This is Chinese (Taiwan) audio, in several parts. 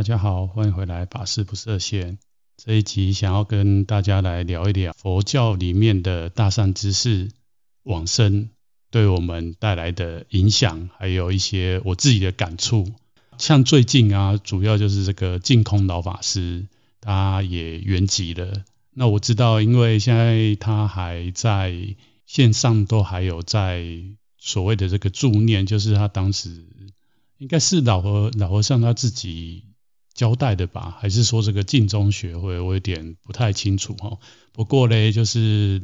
大家好，歡迎回來。法師不設限這一集，想要跟大家來聊一聊佛教裡面的大善知識往生對我們帶來的影響，還有一些我自己的感觸。像最近啊，主要就是這個淨空老法師，他也圓寂了。那我知道，因為現在他還在線上，都還有在所謂的這個助念，就是他當時應該是老和老和尚他自己。交代的吧，還是說這個淨宗學會？我有點不太清楚，哦，不過呢，就是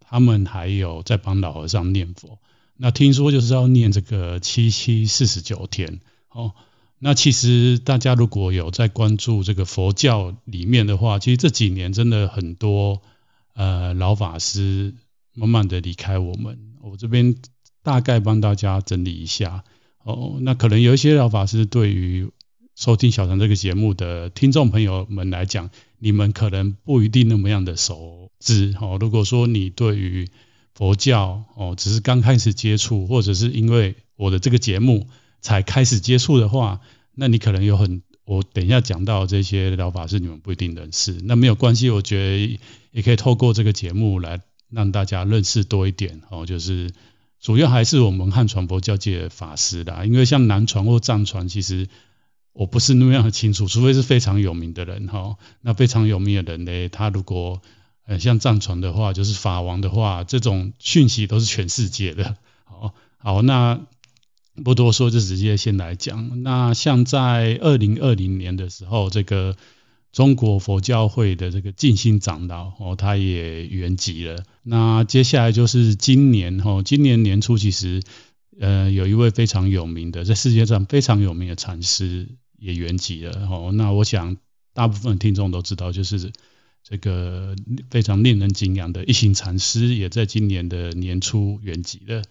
他們還有在幫老和尚念佛。那聽說就是要念這個七七四十九天哦。那其實大家如果有在關注這個佛教裡面的話，其實這幾年真的很多呃老法師慢慢的離開我們。我這邊大概幫大家整理一下哦。那可能有一些老法師對於收聽小陳這個節目的聽眾朋友們來講，你們可能不一定那麼樣的熟知、哦、如果說你對於佛教哦，只是剛開始接觸，或者是因為我的這個節目才開始接觸的話，那你可能有很我等一下講到這些老法師，你們不一定認識。那沒有關係，我覺得也可以透過這個節目來讓大家認識多一點哦。就是主要還是我們漢傳佛教界的法師啦，因為像南傳或藏傳，其實。我不是那麼樣的清楚，除非是非常有名的人哈、哦。那非常有名的人呢？他如果呃像藏傳的話，就是法王的話，這種訊息都是全世界的。好好，那不多說，就直接先來講。那像在二零二零年的時候，這個中國佛教會的這個淨心長老哦，他也圓寂了。那接下來就是今年哈、哦，今年年初其實。呃，有一位非常有名的，在世界上非常有名的禪師也圓寂了。哈，那我想大部分聽眾都知道，就是這個非常令人敬仰的一行禪師，也在今年的年初圓寂了。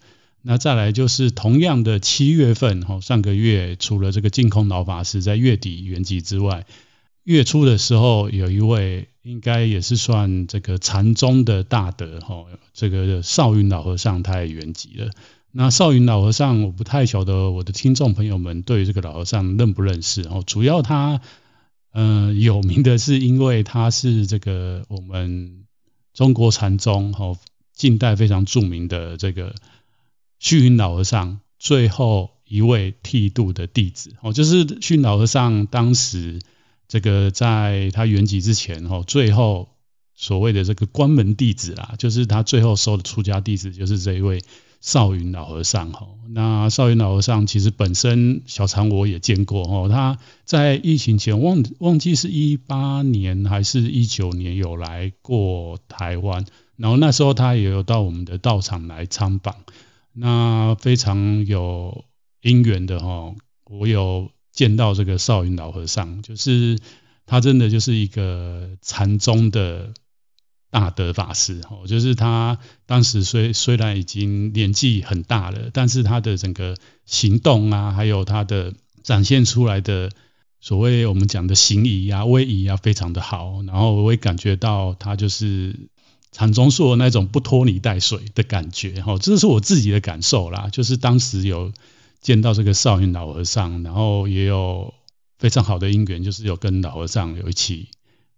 那再來就是同樣的七月份，哈，上個月除了這個淨空老法師在月底圓寂之外，月初的時候有一位，應該也是算這個禪宗的大德，哈，這個少雲老和尚他也圓寂了。那紹雲老和尚，我不太曉得我的聽眾朋友們對於這個老和尚認不認識哦。主要他，嗯，有名的是因為他是這個我們中國禪宗、哦、近代非常著名的這個虛雲老和尚最後一位剃度的弟子哦，就是虛雲老和尚當時這個在他圓寂之前、哦、最後所謂的這個關門弟子啦，就是他最後收的出家弟子，就是這一位。少雲老和尚，哈，那少雲老和尚其實本身小禪我也見過，哦。他在疫情前忘忘記是一八年還是一九年有來過台灣，然後那時候他也有到我們的道場來參訪，那非常有因緣的，哈，我有見到這個少雲老和尚，就是他真的就是一個禪宗的。大德法師哦，就是他當時雖雖然已經年紀很大了，但是他的整個行動啊，還有他的展現出來的所謂我們講的行儀啊、威儀啊，非常的好。然後我也感覺到他就是禪宗說的那種不拖泥帶水的感覺哦，這是我自己的感受啦。就是當時有見到這個少林老和尚，然後也有非常好的因緣，就是有跟老和尚有一起。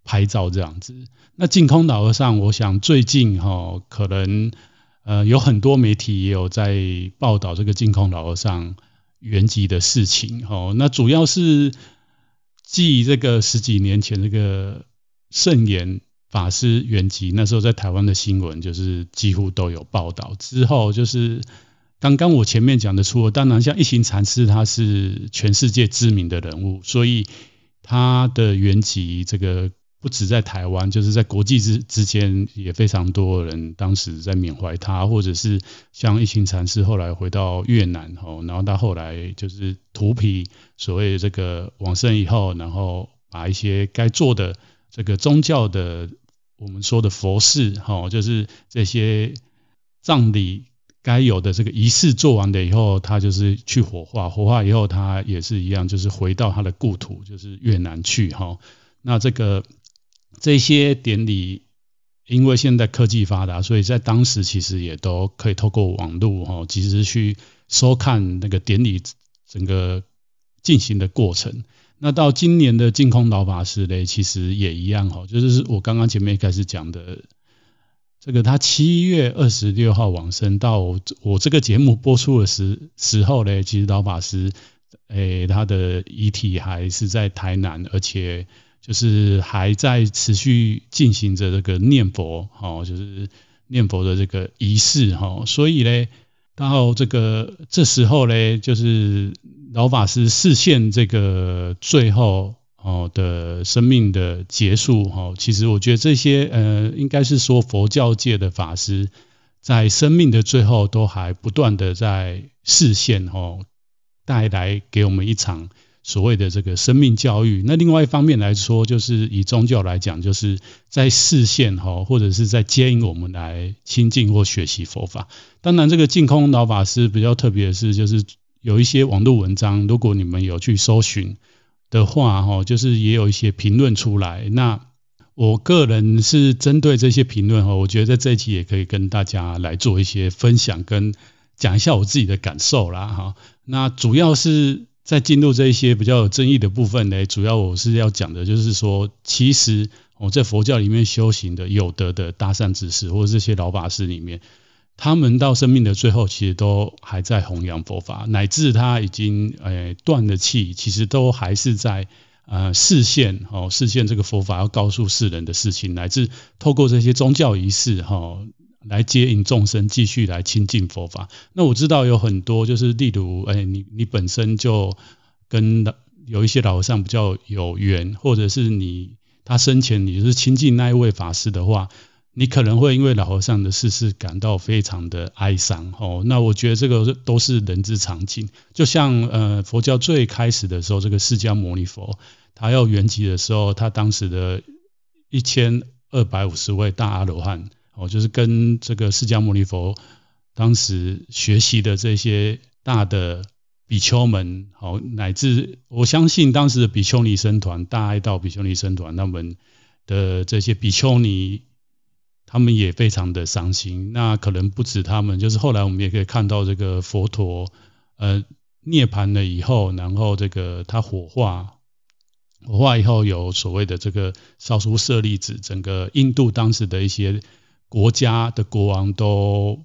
拍照這樣子，那淨空老和尚，我想最近哈，可能呃有很多媒體也有在報道這個淨空老和尚圓寂的事情。好，那主要是繼這個十幾年前這個聖嚴法師圓寂，那時候在台灣的新聞就是幾乎都有報道之後就是剛剛我前面講的，除了當然像一行禪師，他是全世界知名的人物，所以他的圓寂這個。不止在台灣，就是在國際之之間也非常多人當時在緬懷他，或者是像一行禪師後來回到越南哈，然後他後來就是荼毗，所謂這個往生以後，然後把一些該做的這個宗教的我們說的佛事哈，就是這些葬禮該有的這個儀式做完了以後，他就是去火化，火化以後他也是一樣，就是回到他的故土，就是越南去哈。那這個。這些典禮，因為現在科技發達，所以在當時其實也都可以透過網絡哈，即時去收看那個典禮整個進行的過程。那到今年的淨空老法師呢，其實也一樣哈，就是我剛剛前面開始講的，這個他七月二十六號往生，到我這個節目播出的時時候呢，其實老法師誒、欸、他的遺體還是在台南，而且。就是還在持續進行着這個念佛，哈、哦，就是念佛的這個儀式，哈、哦，所以呢，到這個這時候呢，就是老法師示現這個最後哦的生命的結束，哈、哦，其實我覺得這些呃，應該是說佛教界的法師在生命的最後都還不斷的在示現哈、哦，帶來給我們一場。所謂的這個生命教育，那另外一方面來說，就是以宗教來講，就是在示現，哈，或者是在接引我們來親近或學習佛法。當然，這個淨空老法師比較特別的是，就是有一些網絡文章，如果你們有去搜尋的話，哈，就是也有一些評論出來。那我個人是針對這些評論哈，我覺得在這一期也可以跟大家來做一些分享，跟講一下我自己的感受啦，哈。那主要是。在進入這一些比較有爭議的部分呢，主要我是要講的就是說，其實我在佛教裡面修行的有德的大善知識，或者這些老法師裡面，他們到生命的最後，其實都還在弘揚佛法，乃至他已經誒斷、欸、了氣，其實都還是在啊、呃、示現哦，示現這個佛法要告訴世人的事情，乃至透過這些宗教儀式哈。哦來接引眾生，繼續來親近佛法。那我知道有很多，就是例如，哎，你你本身就跟有一些老和尚比較有緣，或者是你他生前你是親近那一位法師的話，你可能會因為老和尚的逝世感到非常的哀傷。哦，那我覺得這個都是人之常情。就像呃，佛教最開始的時候，這個釋迦牟尼佛他要圓寂的時候，他當時的一千二百五十位大阿羅漢。好，就是跟這個釋迦牟尼佛當時學習的這些大的比丘們，好，乃至我相信當時的比丘尼僧團，大愛道比丘尼僧團，他們的這些比丘尼，他們也非常的傷心。那可能不止他們，就是後來我們也可以看到，這個佛陀，呃，涅槃了以後，然後這個他火化，火化以後有所謂的這個燒書舍利子，整個印度當時的一些。國家的國王都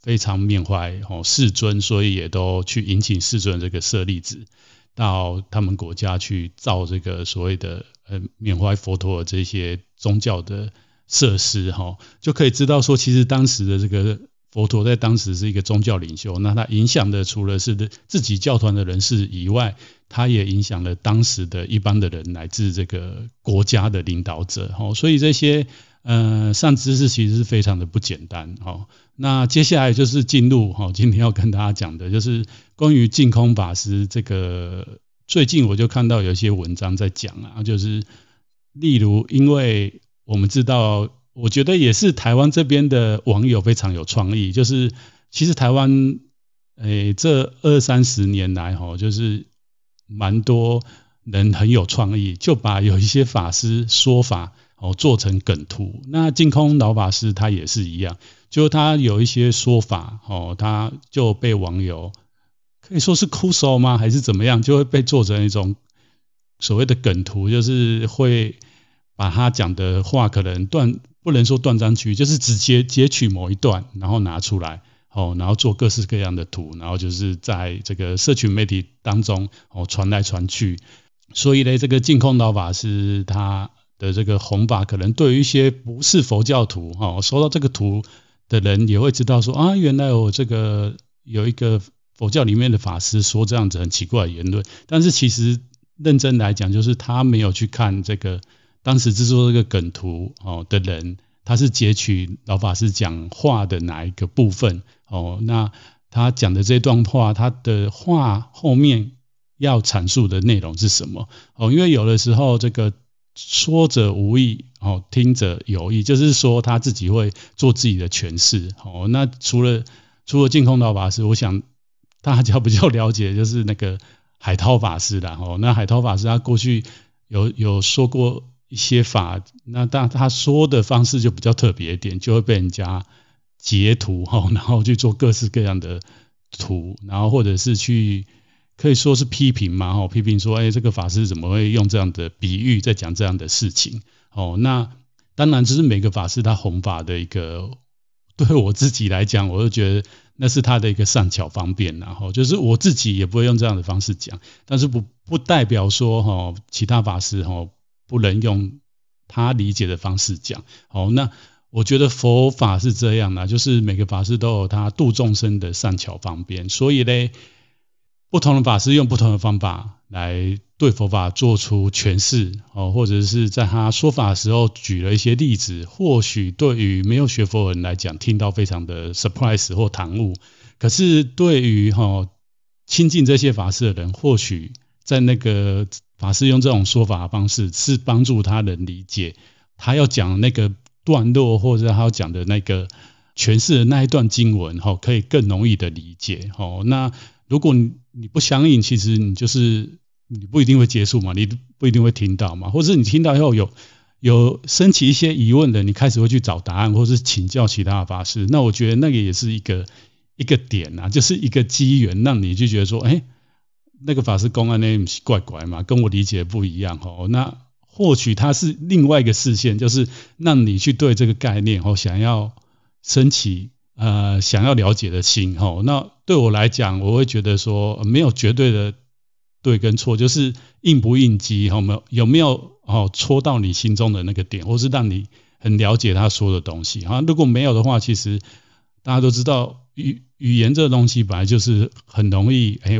非常緬懷哦世尊，所以也都去引請世尊的這個舍利子到他們國家去造這個所謂的呃緬懷佛陀的這些宗教的設施，就可以知道說，其實當時的這個佛陀在當時是一個宗教領袖，那他影響的除了是自己教團的人士以外，他也影響了當時的一般的人，乃至這個國家的領導者，所以這些。呃，善知識其實是非常的不簡單。哦、那接下來就是進入哈、哦，今天要跟大家講的就是關於淨空法師這個。最近我就看到有一些文章在講啊，就是例如，因為我們知道，我覺得也是台灣這邊的網友非常有創意，就是其實台灣誒、欸，這二三十年來哈、哦，就是蠻多人很有創意，就把有一些法師說法。哦，做成梗圖。那淨空老法師他也是一樣，就他有一些說法，哦，他就被網友可以說是枯騷嗎，還是怎麼樣，就會被做成一種所謂的梗圖，就是會把他講的話可能斷不能說斷章取義，就是只截截取某一段，然後拿出來，哦，然後做各式各樣的圖，然後就是在這個社群媒體當中哦傳來傳去。所以呢，這個淨空老法師他。的這個弘法，可能對於一些不是佛教徒哈、哦，我收到這個圖的人也會知道說啊，原來我這個有一個佛教裡面的法師說這樣子很奇怪的言論。但是其實認真來講，就是他沒有去看這個當時制作這個梗圖哦的人，他是截取老法師講話的哪一個部分哦？那他講的這段話，他的話後面要闡述的內容是什麼哦？因為有的時候這個。說者無意，哦，聽者有意，就是說他自己會做自己的詮釋，哦，那除了除了淨空老法師，我想大家比較了解的就是那個海濤法師啦，哦，那海濤法師他過去有有說過一些法，那但他說的方式就比較特別一點，就會被人家截圖，哦，然後去做各式各樣的圖，然後或者是去。可以說是批評嘛，吼，批評說，哎，這個法師怎麼會用這樣的比喻在講這樣的事情？哦，那當然，就是每個法師他弘法的一個，對我自己來講，我就覺得那是他的一個善巧方便，然後就是我自己也不會用這樣的方式講，但是不不代表說，哈，其他法師哈不能用他理解的方式講。好，那我覺得佛法是這樣的，就是每個法師都有他度眾生的善巧方便，所以咧。不同的法師用不同的方法來對佛法做出詮釋，哦，或者是在他說法的時候舉了一些例子，或許對於沒有學佛的人來講，聽到非常的 surprise 或唐突，可是對於哈親近這些法師的人，或許在那個法師用這種說法的方式，是幫助他人理解他要講那個段落，或者他要講的那個詮釋的那一段經文，哈、哦，可以更容易的理解，哈、哦，那如果你。你不相應，其實你就是你不一定會結束嘛，你不一定會聽到嘛，或者你聽到以後有有升起一些疑問的，你開始會去找答案，或者是請教其他的法師。那我覺得那個也是一個一個點吶、啊，就是一個機緣，讓你就覺得說，誒，那個法師公安那東是怪怪嘛，跟我理解不一樣哈。那或許他是另外一個視線，就是讓你去對這個概念哈想要升起呃想要了解的心哈。那。對我來講，我會覺得說沒有絕對的對跟錯，就是應不應機哈，有沒有有沒有哦戳到你心中的那個點，或是讓你很了解他說的東西啊？如果沒有的話，其實大家都知道語語言這東西本來就是很容易，哎，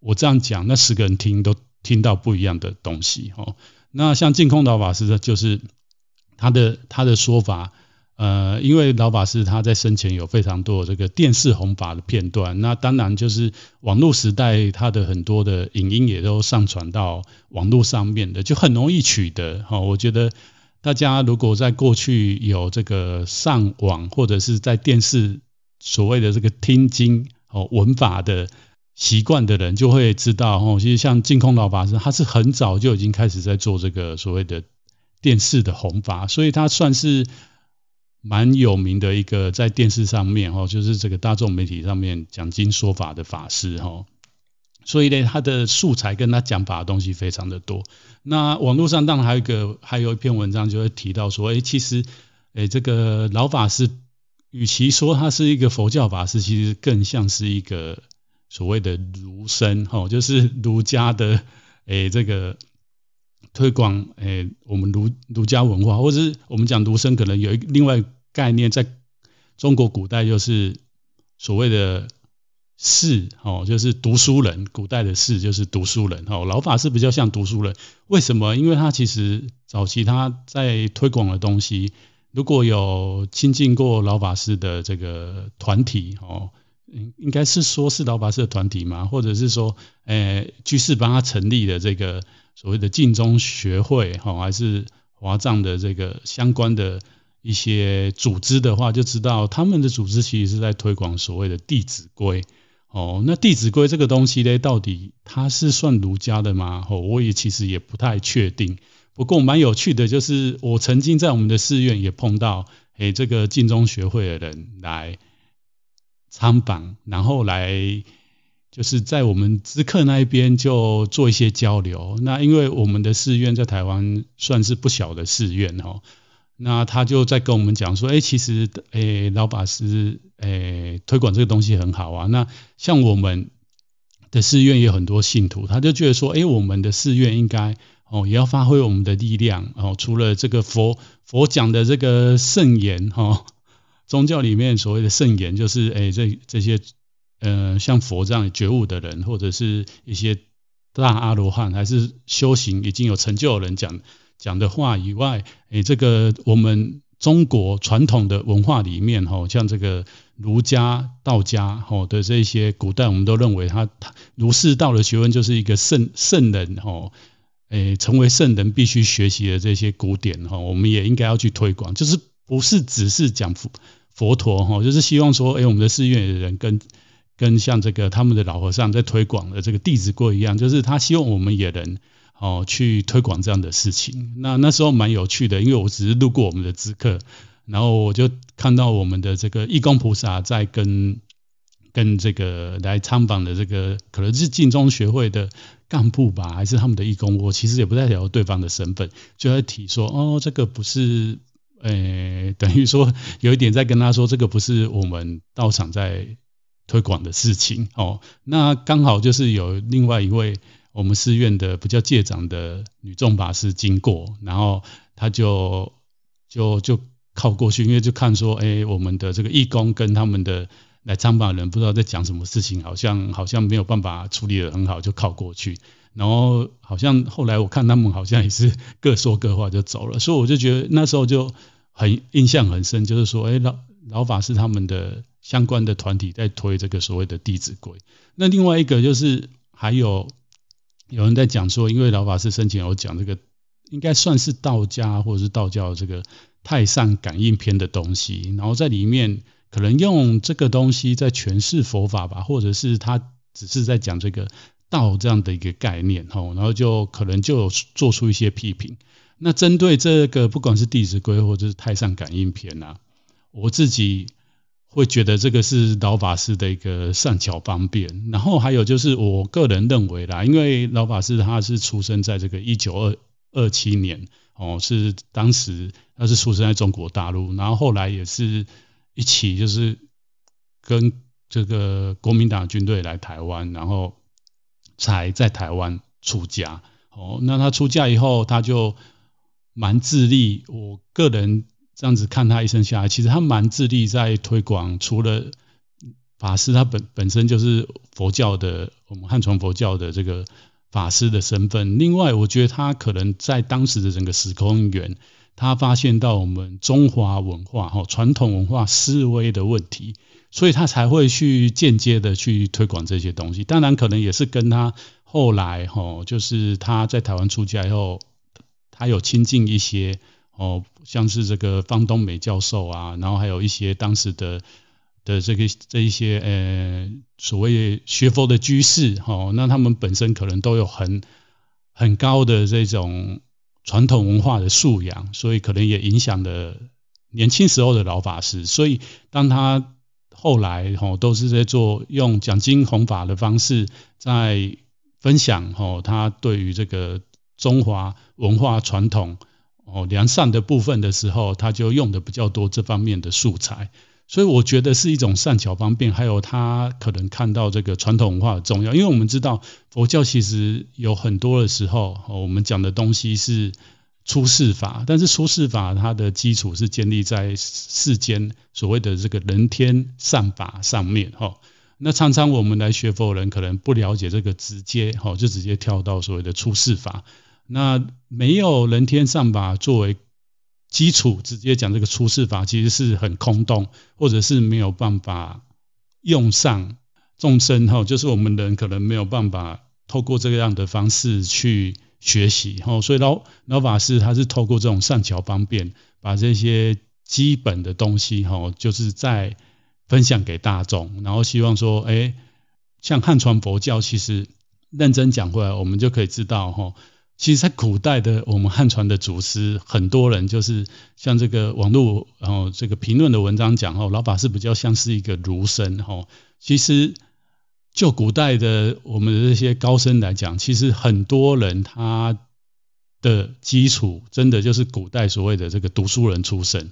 我這樣講，那十個人聽都聽到不一樣的東西哦。那像淨空道法師淨空老法師呢，就是他的他的說法。呃，因為老法師他在生前有非常多這個電視弘法的片段，那當然就是網絡時代，他的很多的影音也都上傳到網絡上面的，就很容易取得。哈、哦，我覺得大家如果在過去有這個上網或者是在電視所謂的這個聽經、哦、文聞法的習慣的人，就會知道、哦、其實像淨空老法師，他是很早就已經開始在做這個所謂的電視的弘法，所以他算是，蠻有名的一個在電視上面哈，就是這個大眾媒體上面講經說法的法師哈，所以呢，他的素材跟他講法的東西非常的多。那網絡上當然還有一個還有一篇文章就會提到說，哎，其實，哎，這個老法師與其說他是一個佛教法師，其實更像是一個所謂的儒生哈，就是儒家的哎，這個推廣哎，我們儒儒家文化，或者是我們講儒生可能有一個另外。概念在中國古代就是所謂的士，哦，就是讀書人。古代的士就是讀書人，哦，老法師比較像讀書人，為什麼？因為他其實早期他在推廣的東西，如果有親近過老法師的這個團體，哦，應該是說是老法師的團體嘛，或者是說，哎，居士幫他成立的這個所謂的淨宗學會，哦，還是華藏的這個相關的。一些組織的話，就知道他們的組織其實是在推廣所謂的《弟子規》哦。那《弟子規》這個東西呢，到底它是算儒家的嗎？哦，我也其實也不太確定。不過蠻有趣的就是，我曾經在我們的寺院也碰到這個淨宗學會的人來參訪，然後來就是在我們知客那一邊就做一些交流。那因為我們的寺院在台灣算是不小的寺院哦。那他就在跟我們講說，哎、欸，其實，哎、欸，老法師，哎、欸，推廣這個東西很好啊。那像我們的寺院也有很多信徒，他就覺得說，哎、欸，我們的寺院應該，哦，也要發揮我們的力量。哦，除了這個佛佛講的這個聖言哈、哦，宗教裡面所謂的聖言，就是哎、欸，這這些，呃，像佛這樣覺悟的人，或者是一些大阿羅漢還是修行已經有成就的人講。講的話以外，哎，這個我們中國傳統的文化裡面哈，像這個儒家、道家哈的這些古代，我們都認為他儒釋道的學問就是一個聖聖人哈，哎，成為聖人必須學習的這些古典哈，我們也應該要去推廣，就是不是只是講佛佛陀哈，就是希望說哎，我們的寺院的人跟跟像這個他們的老和尚在推廣的這個弟子規一樣，就是他希望我們也能。哦，去推廣這樣的事情，那那時候蠻有趣的，因為我只是路過我們的知客，然後我就看到我們的這個義工菩薩在跟跟這個來參訪的這個可能是淨宗學會的幹部吧，還是他們的義工，我其實也不太了解對方的身份，就在提說哦，這個不是，呃、欸，等於說有一點在跟他說，這個不是我們道場在推廣的事情哦，那剛好就是有另外一位。我們寺院的比較戒長的女眾法師經過，然後他就就就靠過去，因為就看說，哎、欸，我們的這個義工跟他們的來參訪的人不知道在講什麼事情，好像好像沒有辦法處理得很好，就靠過去，然後好像後來我看他們好像也是各說各話就走了，所以我就覺得那時候就很印象很深，就是說，哎、欸，老老法師他們的相關的團體在推這個所謂的《弟子規》，那另外一個就是還有。有人在講說，因為老法師生前有講這個，應該算是道家或者是道教這個《太上感應篇》的東西，然後在裡面可能用這個東西在詮釋佛法吧，或者是他只是在講這個道這樣的一個概念，然後就可能就有做出一些批評。那針對這個，不管是《弟子規》或者是《太上感應篇》吶，我自己，會覺得這個是老法師的一個善巧方便，然後還有就是我個人認為啦，因為老法師他是出生在這個一九二二七年，哦，是當時他是出生在中國大陸，然後後來也是一起就是跟這個國民黨軍隊來台灣，然後才在台灣出家，哦，那他出家以後他就蠻自立，我個人。這樣子看他一生下來，其實他蠻致力在推廣。除了法師，他本本身就是佛教的，我們漢傳佛教的這個法師的身份。另外，我覺得他可能在當時的整個時空緣，他發現到我們中華文化、哦、傳統文化思維的問題，所以他才會去間接的去推廣這些東西。當然，可能也是跟他後來，哦、就是他在台灣出家以後，他有親近一些。哦，像是這個方東美教授啊，然後還有一些當時的的這個這一些呃所謂學佛的居士哈、哦，那他們本身可能都有很很高的這種傳統文化的素養，所以可能也影響了年輕時候的老法師。所以當他後來哈、哦，都是在做用講經弘法的方式在分享哈、哦，他對於這個中華文化傳統。哦，良善的部分的時候，他就用的比較多這方面的素材，所以我覺得是一種善巧方便。還有他可能看到這個傳統文化的重要，因為我們知道佛教其實有很多的時候，哦、我們講的東西是出世法，但是出世法它的基礎是建立在世間所謂的這個人天善法上面。哈、哦，那常常我們來學佛人可能不了解這個，直接哈、哦、就直接跳到所謂的出世法。那沒有人天上法作為基礎，直接講這個出世法，其實是很空洞，或者是沒有辦法用上眾生。哈，就是我們人可能沒有辦法透過這個樣的方式去學習。哈，所以老老法師他是透過這種善巧方便，把這些基本的東西，哈，就是再分享給大眾，然後希望說，哎、欸，像漢傳佛教，其實認真講過來，我們就可以知道，哈。其實，在古代的我們漢傳的祖師，很多人就是像這個網絡，然後，哦，這個評論的文章講哦，老法師比較像是一個儒生哦，其實，就古代的我們的這些高僧來講，其實很多人他的基礎真的就是古代所謂的這個讀書人出身。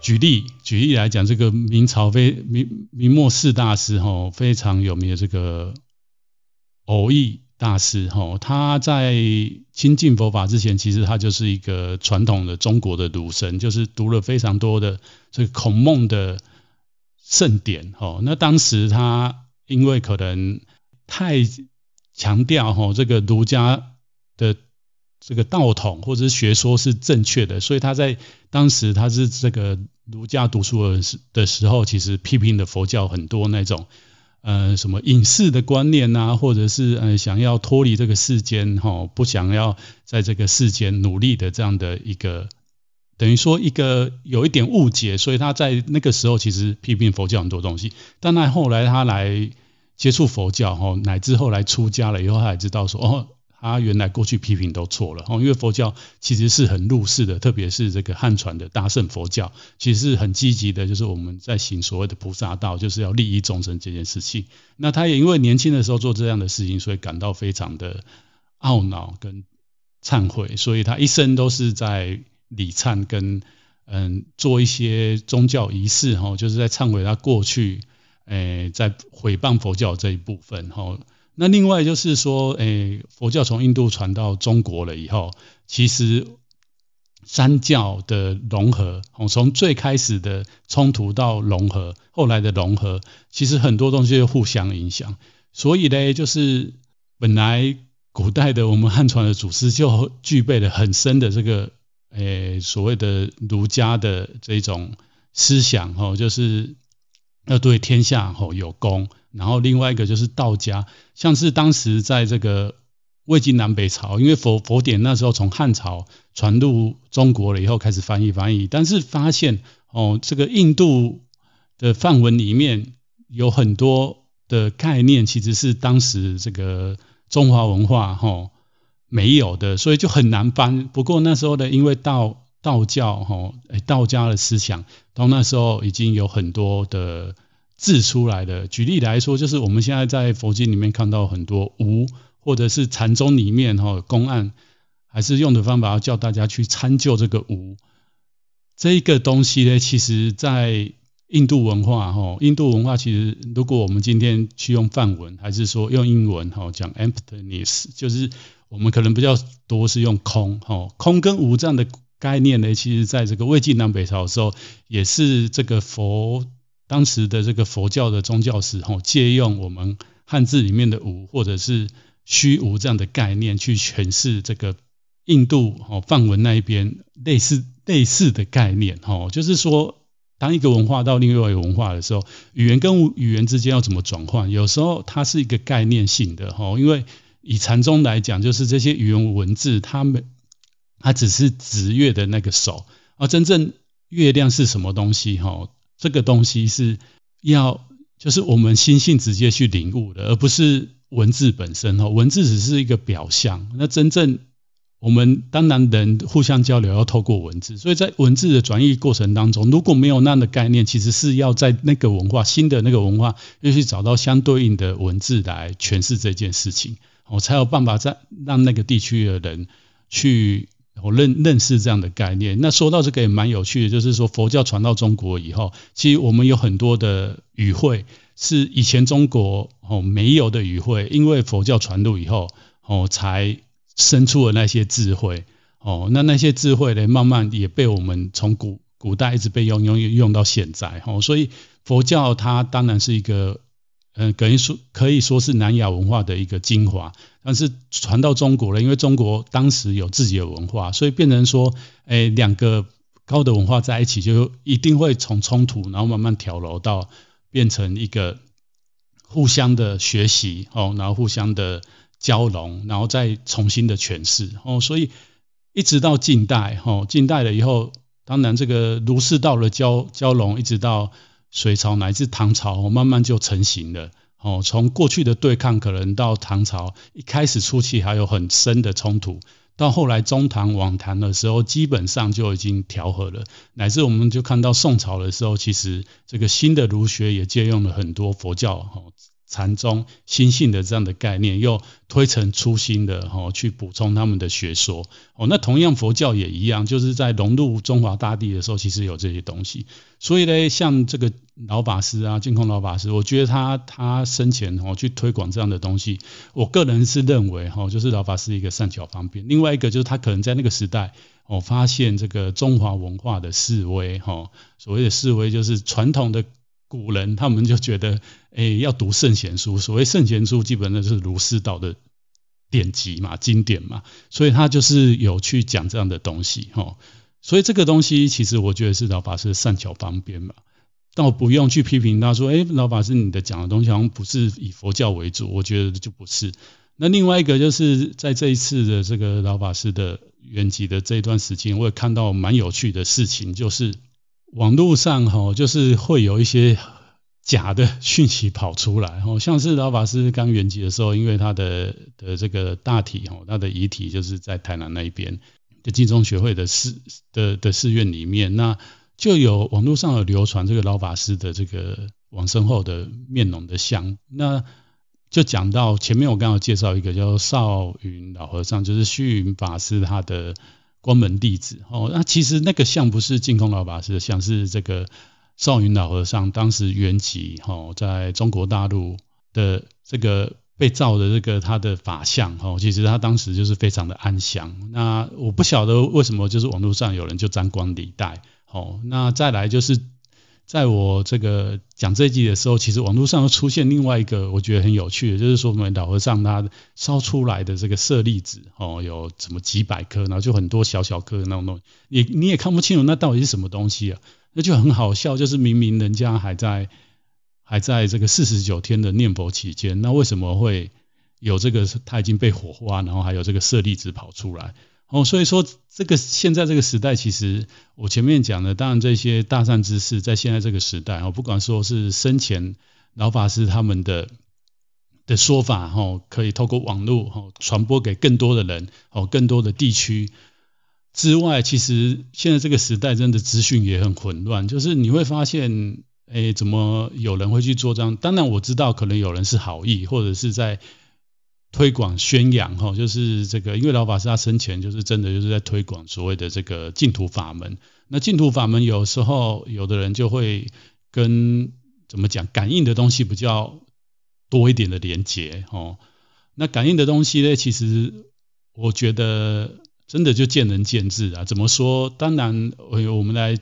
舉例舉例來講，這個明朝非明明末四大師吼、哦，非常有名的這個蕅益大師吼、哦，他在親近佛法之前，其實他就是一個傳統的中國的儒生，就是讀了非常多的這個孔孟的聖典吼、哦，那當時他因為可能太強調吼、哦、這個儒家的這個道統或者是學說是正確的，所以他在。當時他是這個儒家讀書的時候，其實批評的佛教很多那種，呃，什麼隱士的觀念吶、啊，或者是、呃、想要脫離這個世間，哈，不想要在這個世間努力的這樣的一個，等於說一個有一點誤解，所以他在那個時候其實批評佛教很多東西。但後來他來接觸佛教，哈，乃至後來出家了以後，他也知道說哦。他原來過去批評都錯了，因為佛教其實是很入世的，特別是這個漢傳的大乘佛教，其實是很積極的，就是我們在行所謂的菩薩道，就是要利益眾生這件事情。那他也因為年輕的時候做這樣的事情，所以感到非常的懊惱跟懺悔，所以他一生都是在禮懺跟嗯做一些宗教儀式哈，就是在懺悔他過去誒、呃、在毀謗佛教這一部分哈。那另外就是說，誒，佛教從印度傳到中國了以後，其實三教的融合，從最開始的衝突到融合，後來的融合，其實很多東西就互相影響。所以呢，就是本來古代的我們漢傳的祖師就具備了很深的這個，誒，所謂的儒家的這種思想，吼、哦，就是。要對天下吼、哦、有功，然後另外一個就是道家，像是當時在這個魏晉南北朝，因為佛佛典那時候從漢朝傳入中國了以後，開始翻譯翻譯，但是發現哦，這個印度的梵文裡面有很多的概念，其實是當時這個中華文化吼、哦、沒有的，所以就很難翻。不過那時候呢，因為道。道教吼，哎，道家的思想到那時候已經有很多的字出來的。舉例來說，就是我們現在在佛經裡面看到很多無，或者是禪宗裡面吼、哦、公案，還是用的方法要叫大家去參究這個無。這一個東西呢，其實在印度文化吼、哦，印度文化其實如果我們今天去用梵文，還是說用英文，吼講 emptiness，就是我們可能比較多是用空吼、哦，空跟無這樣的。概念呢，其實在這個魏晉南北朝的時候，也是這個佛當時的這個佛教的宗教時候、哦，借用我們漢字裡面的無或者是虛無這樣的概念去詮釋這個印度哈、哦、梵文那一邊類似類似的概念哈、哦，就是說當一個文化到另外一個文化的時候，語言跟語言之間要怎麼轉換？有時候它是一個概念性的哈、哦，因為以禪宗來講，就是這些語言文字它們。它只是指月的那個手，而、啊、真正月亮是什麼東西？哈、哦，這個東西是要就是我們心性直接去領悟的，而不是文字本身。哈、哦，文字只是一個表象。那真正我們當然人互相交流要透過文字，所以在文字的轉譯過程當中，如果沒有那樣的概念，其實是要在那個文化新的那個文化又去找到相對應的文字來詮釋這件事情，我、哦、才有辦法在讓那個地區的人去。我認認識這樣的概念。那說到這個也蠻有趣的，就是說佛教傳到中國以後，其實我們有很多的語彙是以前中國哦沒有的語彙，因為佛教傳入以後哦才生出了那些智慧哦。那那些智慧呢，慢慢也被我們從古古代一直被用用用到現在哦。所以佛教它當然是一個。嗯，等於說可以說是南亞文化的一個精華，但是傳到中國了，因為中國當時有自己的文化，所以變成說，哎，兩個高的文化在一起，就一定會從衝突，然後慢慢調柔到變成一個互相的學習哦，然後互相的交融，然後再重新的詮釋哦，所以一直到近代哦，近代了以後，當然這個儒釋道的交交融，一直到。隋朝乃至唐朝，慢慢就成型了。哦，從過去的對抗，可能到唐朝一開始初期還有很深的衝突，到後來中唐、晚唐的時候，基本上就已經調和了。乃至我們就看到宋朝的時候，其實這個新的儒學也借用了很多佛教，哈、哦。禪宗心性的這樣的概念，又推陳出新的哈、哦，去補充他們的學說哦。那同樣佛教也一樣，就是在融入中華大地的時候，其實有這些東西。所以呢，像這個老法師啊，淨空老法師，我覺得他他生前哦去推廣這樣的東西，我個人是認為哈、哦，就是老法師一個善巧方便。另外一個就是他可能在那個時代哦，發現這個中華文化的式微哈、哦，所謂的式微就是傳統的。古人他們就覺得，哎，要讀聖賢書。所謂聖賢書，基本上就是儒釋道的典籍嘛、經典嘛，所以他就是有去講這樣的東西，吼。所以這個東西，其實我覺得是老法師的善巧方便嘛，倒不用去批評他說，哎，老法師你的講的東西好像不是以佛教為主，我覺得就不是。那另外一個就是在這一次的這個老法師的圓寂的這一段時間，我也看到蠻有趣的事情，就是。網絡上哈，就是會有一些假的訊息跑出來，哦，像是老法師剛圓寂的時候，因為他的的這個大體哈，他的遺體就是在台南那一邊的淨宗學會的寺的的，的寺院裡面，那就有網絡上有流傳這個老法師的這個往生後的面容的像，那就講到前面我剛好介紹一個叫、就是、少雲老和尚，就是虛雲法師他的。關門弟子哦，那其實那個像不是淨空老法師，像是這個少雲老和尚當時圓寂哈，哦，在中國大陸的這個被造的這個他的法相哈，哦，其實他當時就是非常的安詳。那我不曉得為什麼就是網絡上有人就張冠李戴。好，哦，那再來就是。在我這個講這一集的時候，其實網絡上又出現另外一個我覺得很有趣的，就是說我們老和尚他燒出來的這個舍利子，哦，有什麼幾百顆，然後就很多小小顆的那種東西，你你也看不清楚那到底是什麼東西啊？那就很好笑，就是明明人家還在還在這個四十九天的念佛期間，那為什麼會有這個他已經被火化，然後還有這個舍利子跑出來？哦，所以說這個現在這個時代，其實我前面講的，當然這些大善知識，在現在這個時代、哦，不管說是生前老法師他們的的說法、哦，可以透過網絡，哦、傳播給更多的人、哦，更多的地區之外，其實現在這個時代真的資訊也很混亂，就是你會發現，哎、怎麼有人會去做這樣？當然我知道，可能有人是好意，或者是在。推廣宣揚吼，哦，就是這個，因為老法師他生前就是真的就是在推廣所謂的這個淨土法門。那淨土法門有時候有的人就會跟怎麼講感應的東西比較多一點的連接，哦，那感應的東西呢，其實我覺得真的就見仁見智啊。怎麼說？當然，哎，我們來。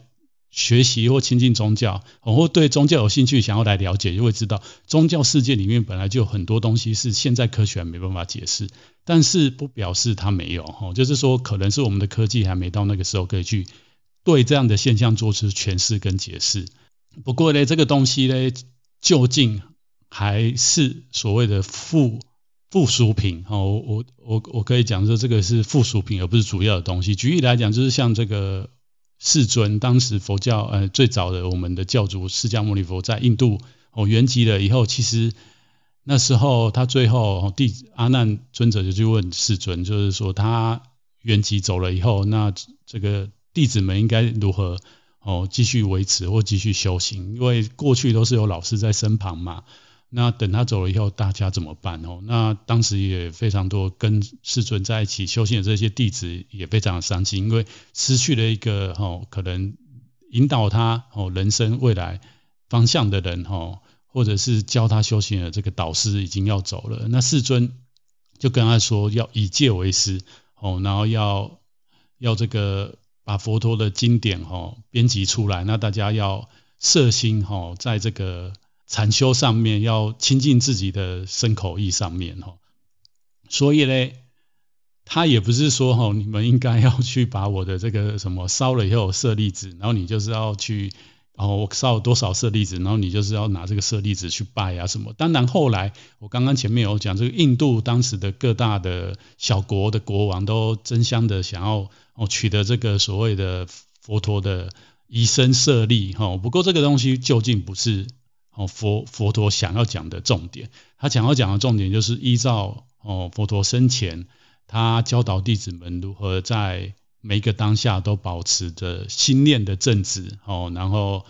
學習或親近宗教，或對宗教有興趣，想要來了解，就會知道宗教世界裡面本來就有很多東西是現在科學還沒辦法解釋，但是不表示它沒有，哦，就是說可能是我們的科技還沒到那個時候可以去對這樣的現象做出詮釋跟解釋。不過呢，這個東西呢，究竟還是所謂的附附屬品，哦，我我我我可以講說這個是附屬品，而不是主要的東西。舉例來講，就是像這個。世尊，當時佛教呃最早的我們的教主釋迦牟尼佛在印度哦圓寂了以後，其實那時候他最後弟子阿難尊者就去問世尊，就是說他圓寂走了以後，那這個弟子們應該如何哦繼續維持或繼續修行？因為過去都是有老師在身旁嘛。那等他走了以後，大家怎麼辦哦？那當時也非常多跟世尊在一起修行的這些弟子也非常的傷心，因為失去了一個哈、哦、可能引導他哦人生未來方向的人哈、哦，或者是教他修行的這個導師已經要走了。那世尊就跟他說要以戒為師哦，然後要要這個把佛陀的經典哈、哦、編輯出來，那大家要攝心哈、哦，在這個。禪修上面要親近自己的身口意上面哈，所以呢，他也不是說哈，你們應該要去把我的這個什麼燒了以後舍利子，然後你就是要去，然後我燒了多少舍利子，然後你就是要拿這個舍利子去拜啊什麼。當然後來我剛剛前面有講，這個印度當時的各大的小國的國王都爭相的想要哦取得這個所謂的佛陀的遺身舍利哈。不過這個東西究竟不是。哦、佛佛陀想要講的重點，他想要講的重點就是依照哦佛陀生前他教導弟子們如何在每一個當下都保持着心念的正直哦，然後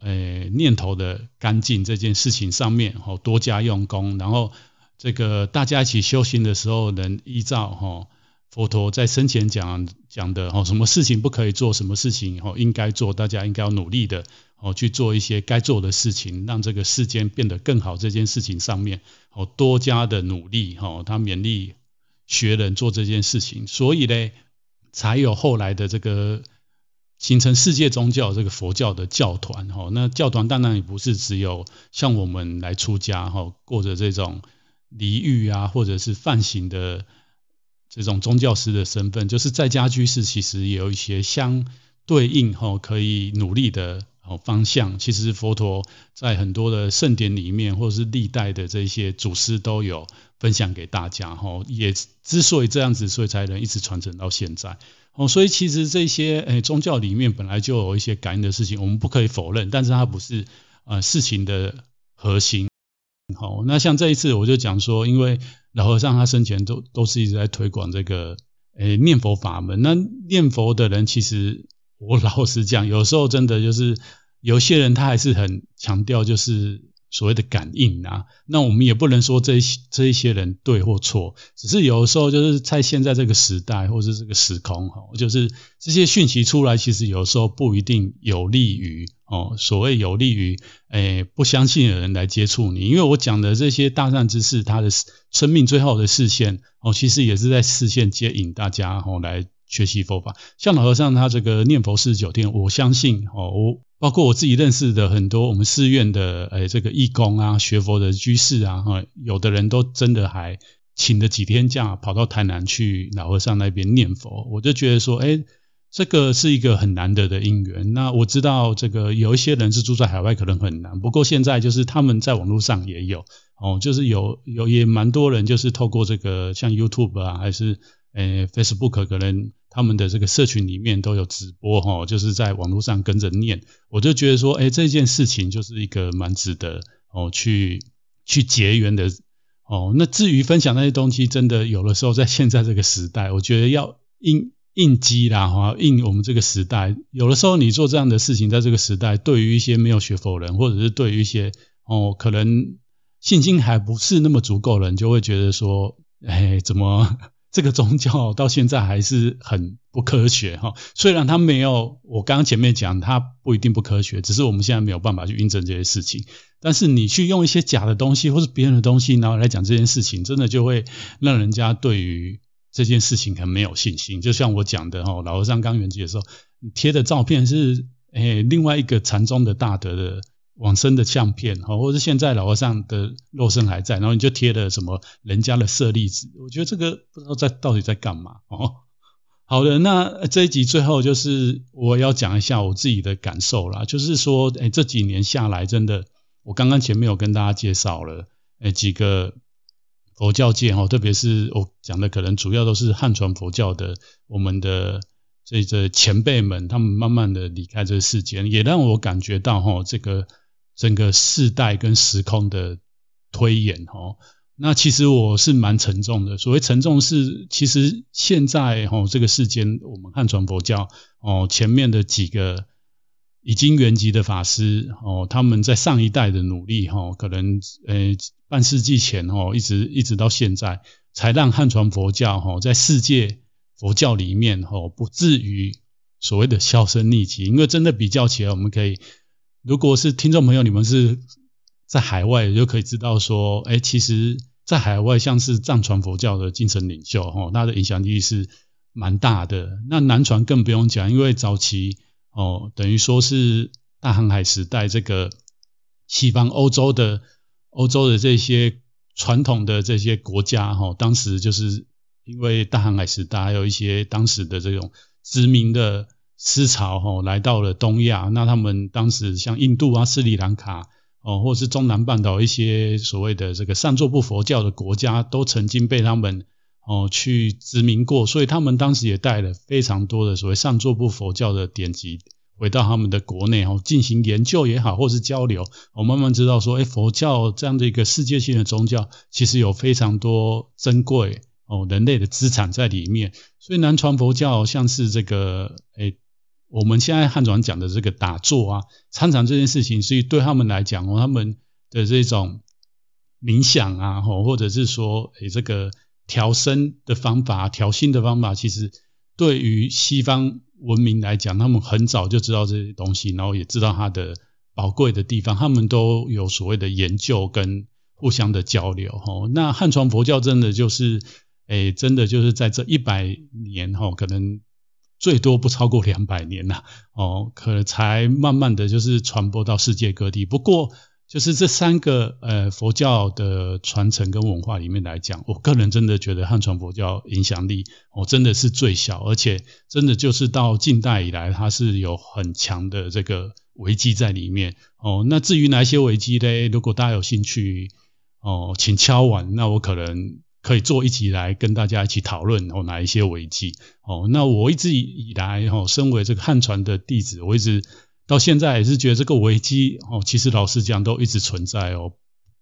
誒、呃、念頭的乾淨這件事情上面、哦、多加用功，然後這個大家一起修行的時候能依照哦，佛陀在生前講講的哦，什麼事情不可以做，什麼事情哦應該做，大家應該要努力的。哦，去做一些該做的事情，讓這個世間變得更好這件事情上面，哦，多加的努力，哈、哦，他勉勵學人做這件事情，所以咧，才有後來的這個形成世界宗教這個佛教的教團，哈、哦，那教團當然也不是只有像我們來出家，哈、哦，過着這種離欲啊，或者是梵行的這種宗教師的身份，就是在家居士其實也有一些相對應，哈、哦，可以努力的。好方向，其實佛陀在很多的聖典裡面，或者是歷代的這些祖師都有分享給大家。吼，也之所以這樣子，所以才能一直傳承到現在。哦，所以其實這些誒宗教裡面本來就有一些感應的事情，我們不可以否認，但是它不是，呃，事情的核心。好，那像這一次我就講說，因為老和尚他生前都都是一直在推廣這個誒念佛法門，那念佛的人其實。我老實講，有時候真的就是有些人他還是很強調就是所謂的感應啊，那我們也不能說這一這一些人對或錯，只是有時候就是在現在這個時代或是這個時空哈，就是這些訊息出來，其實有時候不一定有利於哦，所謂有利於誒、欸、不相信的人來接觸你，因為我講的這些大善知識，他的生命最後的示現哦，其實也是在示現接引大家哦來。學習佛法，像老和尚他這個念佛四十九天，我相信哦我，包括我自己認識的很多我們寺院的哎，這個義工啊，學佛的居士啊，哈、哦，有的人都真的還請了幾天假，跑到台南去老和尚那邊念佛。我就覺得說，哎，這個是一個很難得的因緣。那我知道這個有一些人是住在海外，可能很難。不過現在就是他們在網絡上也有哦，就是有有也蠻多人，就是透過這個像 YouTube 啊，還是。哎，Facebook 可能他們的這個社群裡面都有直播哈、哦，就是在網絡上跟着念。我就覺得說，哎，這件事情就是一個蠻值得哦去去結緣的哦。那至於分享那些東西，真的有的時候在現在這個時代，我覺得要應應機啦哈、哦，應我們這個時代。有的時候你做這樣的事情，在這個時代，對於一些沒有學佛人，或者是對於一些哦可能信心還不是那麼足夠的人，就會覺得說，哎，怎麼？這個宗教到現在還是很不科學哈，雖然它沒有我剛剛前面講，它不一定不科學，只是我們現在沒有辦法去印證這些事情。但是你去用一些假的東西或是別人的東西，然後來講這件事情，真的就會讓人家對於這件事情很沒有信心。就像我講的哈，老和尚剛圓寂的時候，你貼的照片是誒、哎、另外一個禪宗的大德的。往生的相片，哈，或者是現在老和尚的肉身還在，然後你就貼了什麼人家的舍利子，我覺得這個不知道在到底在幹嘛，哦，好的，那這一集最後就是我要講一下我自己的感受啦，就是說，哎、欸，這幾年下來，真的，我剛剛前面有跟大家介紹了，哎、欸，幾個佛教界，哈、哦，特別是我講的可能主要都是漢傳佛教的，我們的這這前輩們，他們慢慢的離開這個世界，也讓我感覺到，哈、哦，這個。整個世代跟時空的推演哦，那其實我是蠻沉重的。所謂沉重是，其實現在哦，這個世間我們漢傳佛教哦，前面的幾個已經圓寂的法師哦，他們在上一代的努力哈，可能呃半世紀前哦，一直一直到現在，才讓漢傳佛教哈，在世界佛教裡面哦，不至於所謂的銷聲匿跡。因為真的比較起來，我們可以。如果是聽眾朋友，你們是在海外，就可以知道說，誒，其實，在海外，像是藏傳佛教的精神領袖齁，他的影響力是蠻大的。那南傳更不用講，因為早期哦，等於說是大航海時代，這個西方歐洲的歐洲的這些傳統的這些國家齁、哦，當時就是因為大航海時代，還有一些當時的這種殖民的。思潮吼、哦、來到了東亞，那他們當時像印度啊、斯里蘭卡哦，或是中南半島一些所謂的這個上座部佛教的國家，都曾經被他們哦去殖民過，所以他們當時也帶了非常多的所謂上座部佛教的典籍回到他們的國內哦進行研究也好，或是交流。我、哦、慢慢知道說，哎，佛教這樣的一個世界性的宗教，其實有非常多珍貴哦人類的資產在裡面，所以南傳佛教像是這個，誒我們現在漢傳講的這個打坐啊、參禪這件事情，所以對他們來講哦，他們的這種冥想啊，或者是說，哎，這個調身的方法、調心的方法，其實對於西方文明來講，他們很早就知道這些東西，然後也知道它的寶貴的地方，他們都有所謂的研究跟互相的交流哦，吼。那漢傳佛教真的就是，哎，真的就是在這一百年哦，可能。最多不超過兩百年吶、啊，哦，可能才慢慢的就是傳播到世界各地。不過，就是這三個呃佛教的傳承跟文化裡面來講，我個人真的覺得漢傳佛教影響力，我、哦、真的是最小，而且真的就是到近代以來，它是有很強的這個危機在裡面哦。那至於哪些危機嘞？如果大家有興趣哦，請敲碗，那我可能。可以做一集來跟大家一起討論、哦，有哪一些危機？哦，那我一直以來哦，身為這個漢傳的弟子，我一直到現在也是覺得這個危機哦，其實老實講都一直存在哦。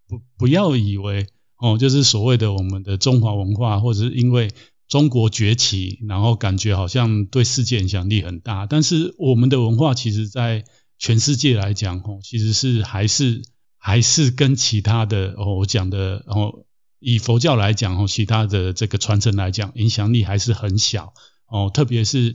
不，不要以為哦，就是所謂的我們的中華文化，或者是因為中國崛起，然後感覺好像對世界影響力很大，但是我們的文化其實在全世界來講哦，其實是還是還是跟其他的哦，我講的哦。以佛教來講，其他的這個傳承來講，影響力還是很小哦。特別是，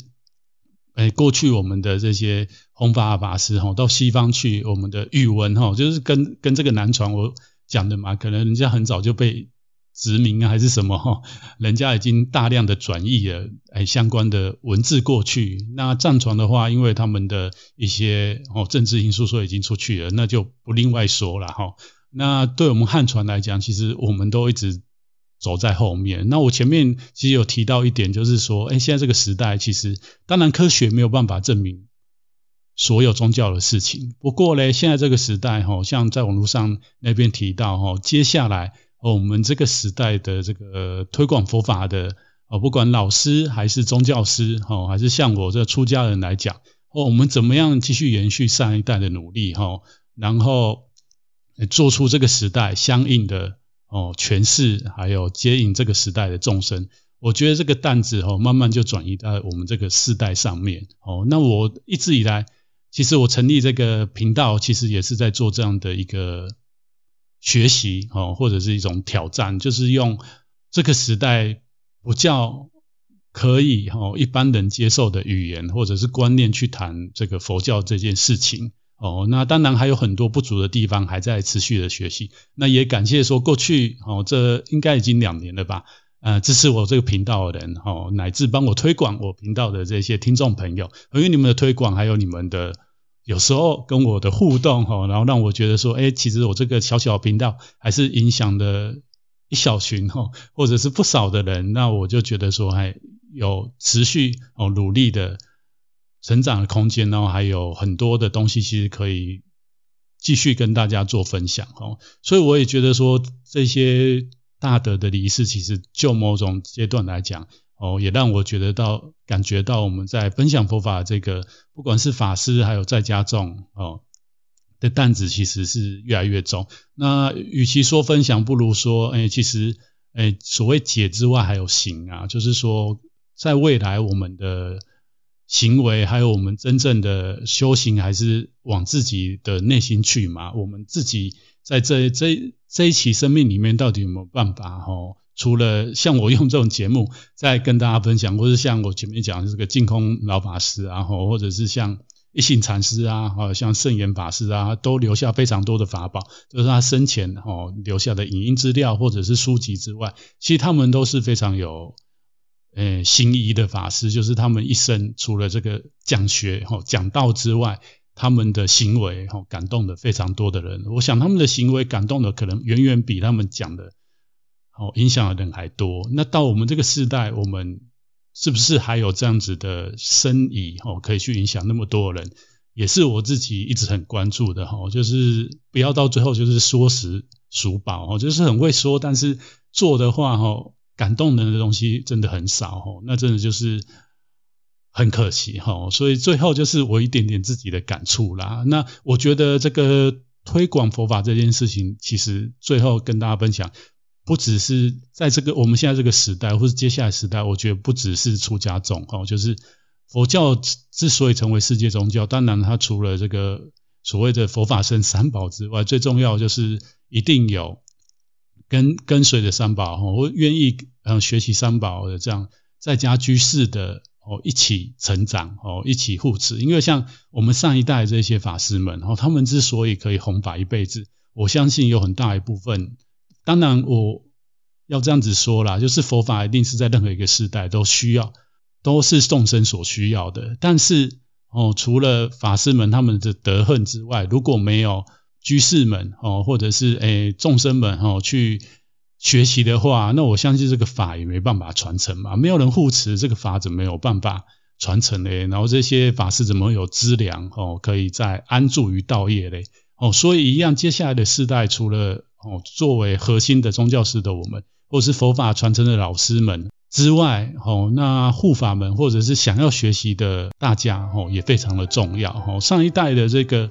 哎，過去我們的這些弘法法師哦，到西方去，我們的語文、哦、就是跟跟這個南傳我講的嘛，可能人家很早就被殖民啊，還是什麼、哦、人家已經大量的轉譯了、哎、相關的文字過去。那藏傳的話，因為他們的一些哦政治因素，說已經出去了，那就不另外說了哈。哦那對我們漢傳來講，其實我們都一直走在後面。那我前面其實有提到一點，就是說，哎，現在這個時代，其實當然科學沒有辦法證明所有宗教的事情。不過呢，現在這個時代，好像在網絡上那邊提到，哦，接下來我們這個時代的這個推廣佛法的，哦，不管老師還是宗教師，哈，還是像我這出家人來講，哦，我們怎麼樣繼續延續上一代的努力，哈，然後。做出這個時代相應的哦詮釋，還有接應這個時代的眾生，我覺得這個擔子哦慢慢就轉移到我們這個世代上面哦。那我一直以來，其實我成立這個頻道，其實也是在做這樣的一個學習哦，或者是一種挑戰，就是用這個時代不叫可以哦一般人接受的語言或者是觀念去談這個佛教這件事情。哦，那當然還有很多不足的地方，還在持續的學習。那也感謝說過去哦，這應該已經兩年了吧？呃，支持我這個頻道的人，哦，乃至幫我推廣我頻道的這些聽眾朋友，因為你們的推廣，還有你們的有時候跟我的互動，哦，然後讓我覺得說，哎，其實我這個小小頻道還是影響了一小群，哦，或者是不少的人，那我就覺得說，還、哎，有持續哦努力的。成長的空間，然後還有很多的東西，其實可以繼續跟大家做分享哦。所以我也覺得說，這些大德的離世，其實就某種階段來講，哦，也讓我覺得到感覺到我們在分享佛法這個，不管是法師還有在家眾，哦的擔子，其實是越來越重。那與其說分享，不如說，哎，其實，哎，所謂解之外還有行啊，就是說，在未來我們的。行為，還有我們真正的修行，還是往自己的內心去嘛？我們自己在這這一這一期生命裡面，到底有沒有辦法？哦，除了像我用這種節目在跟大家分享，或者像我前面講的這個淨空老法師，啊，或者是像一行禪師啊，好像聖嚴法師啊，都留下非常多的法寶，就是他生前哦留下的影音資料或者是書籍之外，其實他們都是非常有。誒，心儀的法師就是他們一生除了這個講學、吼、哦、講道之外，他們的行為吼、哦、感動了非常多的人。我想他們的行為感動的可能遠遠比他們講的，哦，影響的人還多。那到我們這個時代，我們是不是還有這樣子的生意吼、哦，可以去影響那麼多人？也是我自己一直很關注的吼、哦，就是不要到最後就是說食數寶、哦。就是很會說，但是做的話吼。哦感動人的東西真的很少吼，那真的就是很可惜吼。所以最後就是我一點點自己的感觸啦。那我覺得這個推廣佛法這件事情，其實最後跟大家分享，不只是在這個我們現在這個時代，或是接下來時代，我覺得不只是出家眾吼，就是佛教之所以成為世界宗教，當然它除了這個所謂的佛法僧三寶之外，最重要就是一定有。跟跟隨着三寶哦，我願意嗯學習三寶的這樣在家居士的哦，一起成長哦，一起扶持，因為像我們上一代這些法師們哦，他們之所以可以弘法一輩子，我相信有很大一部分，當然我要這樣子說啦，就是佛法一定是在任何一個世代都需要，都是眾生所需要的。但是哦，除了法師們他們的德行之外，如果沒有。居士們哦，或者是誒眾生們哦，去學習的話，那我相信這個法也沒辦法傳承嘛，沒有人護持這個法，怎麼有辦法傳承嘞？然後這些法師怎麼會有資糧哦，可以在安住於道業嘞？哦，所以一樣，接下來的世代，除了哦作為核心的宗教師的我們，或是佛法傳承的老師們之外，哦那護法們，或者是想要學習的大家哦，也非常的重要哦。上一代的這個。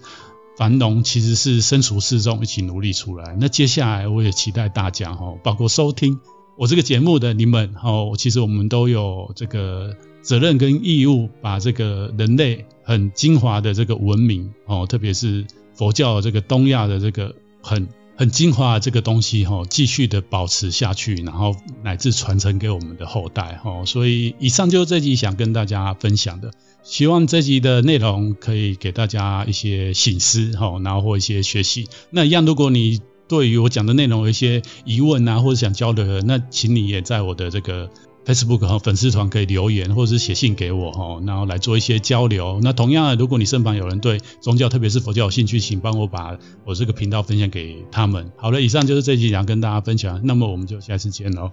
繁榮其實是身處事中一起努力出來。那接下來我也期待大家哈，包括收聽我這個節目的你們哈。其實我們都有這個責任跟義務，把這個人類很精華的這個文明哈，特別是佛教這個東亞的這個很很精華的這個東西哈，繼續的保持下去，然後乃至傳承給我們的後代哈。所以以上就是這集想跟大家分享的。希望這集的內容可以給大家一些省思，哈、哦，然後或一些學習。那一樣，如果你對於我講的內容有一些疑問啊，或者想交流，那請你也在我的這個 Facebook 和、哦、粉絲團可以留言，或者是寫信給我，哈、哦，然後來做一些交流。那同樣的，如果你身旁有人對宗教，特別是佛教有興趣，請幫我把我這個頻道分享給他們。好了，以上就是這集想要跟大家分享，那麼我們就下次見嘍。